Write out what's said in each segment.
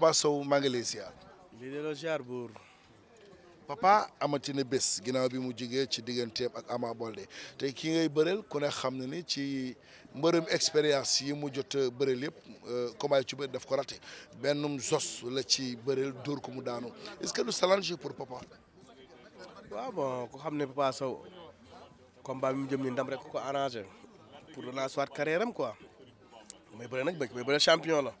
Papa Sow maa ngi lay ziar. lii delloo ziar buur. papa amati na bés ginnaaw bi mu jigee ci diggante ak Ama Baldé te ki ngay bëreel ku ne xam ne ni ci mbërëm expérience yi mu jot a bëreel yëpp combat ci bëri daf ko raté bennum zos la ci bëreel dóor ko mu daanu est-ce que lu challenge pour papa. waaw bon ku xam ne Papa Sow combat bi mu jëm ni ndam rek ko arrangé pour relancer waat carrière am quoi may bëre nag bëgg may bëre champion la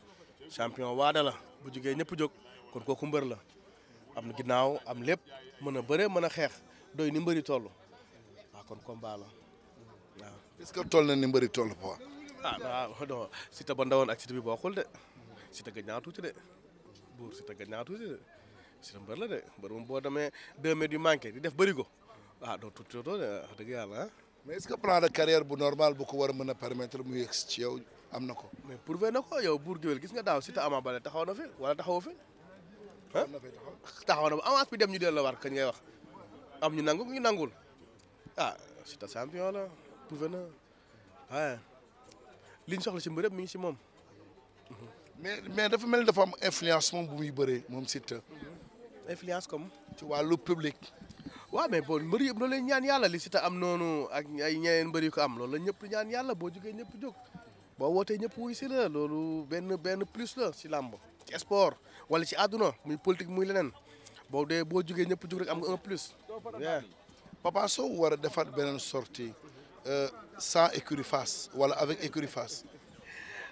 champion waada la. bu jugee ñëpp jóg kon kooku mbër la am na ginnaaw am lépp mën a bëre mën a xeex doy ni mbëri toll waaw kon combat la waaw. est-ce que toll na ni mbëri toll quoi. ah waaw non Siteu ba ndawoon ak Siteu bi bokkul de si gëj naa tuuti de buur si gëj naa tuuti de Siteu mbër la de mbër moom boo demee deux mètres yu manqué di def bëri ko ah, doo tuuti doo de wax dëgg yàlla ah. mais est-ce plan de carrière bu normal bu ko war a mën a permettre mu yegg ci yow. am na ko. mais prouvé na ko yow buur géwél gis nga daaw si ta Ama Baldé taxaw na fi wala taxawoo fi. taxaw na fi taxaw na avance bi dem ñu delloo war kañ ngay wax am ñu nangu ñu nangul ah si ta li ñu soxla si mbir mi ngi si moom. mais mais dafa mel ni dafa am influence moom bu muy bëree moom Siteu. influence comme. ci wàllu public. waaw mais bon mbër yëpp loolu la ñaan yàlla li Siteu am noonu ak ay ñeneen mbër yu ko am loolu la ñëpp ñaan yàlla boo jógee ñëpp jóg. boo wootee ñëpp wuyu la loolu benn benn plus la ci làmb ci sport wala ci àdduna muy politique muy leneen boo dee boo jugee ñëpp jug rek am nga plus. Ya. papa soo war a defaat beneen sortie eh, sans écurie face wala avec écurie face.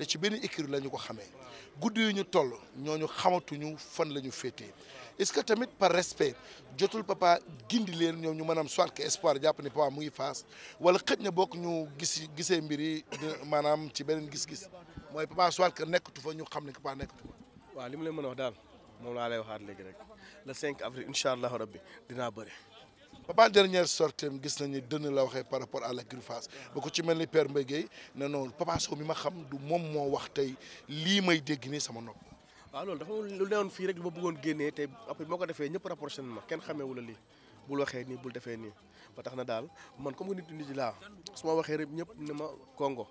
te ci benn écurie la ñu ko xamee guddi yu ñu toll ñooñu xamatuñu fan la ñu féetee est-ce que tamit par respect jotul papa gindi leen ñoom ñu maanaam soit que espoir jàpp ni papa mu ngi faas wala xëj na bokk ñu gis gisee mbir yi maanaam ci beneen gis-gis mooy papa soit que nekkatu fa ñu xam ne papa nekkatu fa. waaw li mu leen mën a wax daal moom laa lay waxaat léegi rek la 5 avril incha allahu rabbi dinaa bëri. papa dernière sortie am gis nañu dënn la waxee par rapport à la griffage ba ko ci mel ni père Mbaye Guèye ne noonu papa Sow mi ma xam du moom moo wax tey lii may dégg nii sama nopp. waaw loolu dafa lu fii rek lu ma génnee tey après ko defee ñëpp rapproché ma kenn xamee la lii bul waxee nii bul defee nii ba tax na daal man comme nit nit laa su ma waxee rek ñëpp ne ma Kongo.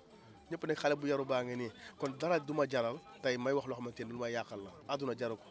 ñëpp ne xale bu yaru baa ngi nii kon dara duma jaral tey may wax loo xamante ni lu ma yàqal la àdduna jaru ko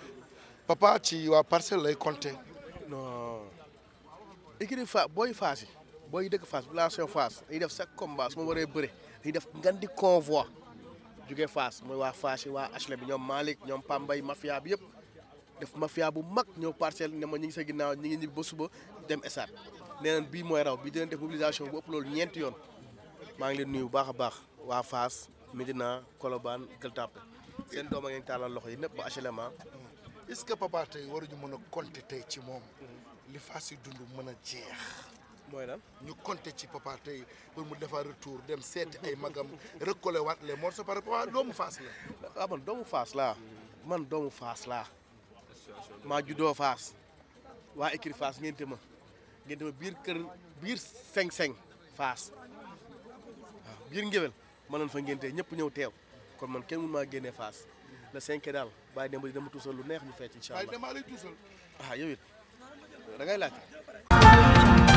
papa ci waa parcelle lay compter. non écurie Fass booy Fass yi booy dëkk Fass population Fass dañuy def chaque combat su ma waree bëre dañuy def ngan di convoi jugee Fass mooy waa Fass yi waa HLM bi ñoom Malick ñoom Pambay mafia bi yëpp def mafia bu mag ñëw parcelle ne ma ñu ngi sa ginnaaw ñu ngi ñibbi ba suba dem Esat nee bii mooy raw bii dinañ def mobilisation bu ëpp loolu ñeenti yoon maa ngi leen nuyu bu baax a baax waa Fass Medina Colobane Gueule Tapée seen doom a loxo yi ñëpp ba est-ce que papa tey waruñu mën a compter tey ci moom. li Fass yi dund mën a jeex. mooy lan ñu compter ci papa tey pour mu defar retour dem seeti ay magam recoller waat les morceaux par rapport doomu Fass la. waaw ah, man doomu Fass laa. man doomu Fass laa. maa juddoo Fass. waa écrit Fass ngénte ma ngénte ma biir kër biir seng-seng Fass biir ngéwél ma nan fa ngéntee ñëpp ñëw teew kon man kenn mun maa génnee Fass. le cinq daal bàyyi dem ba dama tuusal lu neex ñu fecc incha allah waaye damaa lay tuusal ah yow it da ngay laaj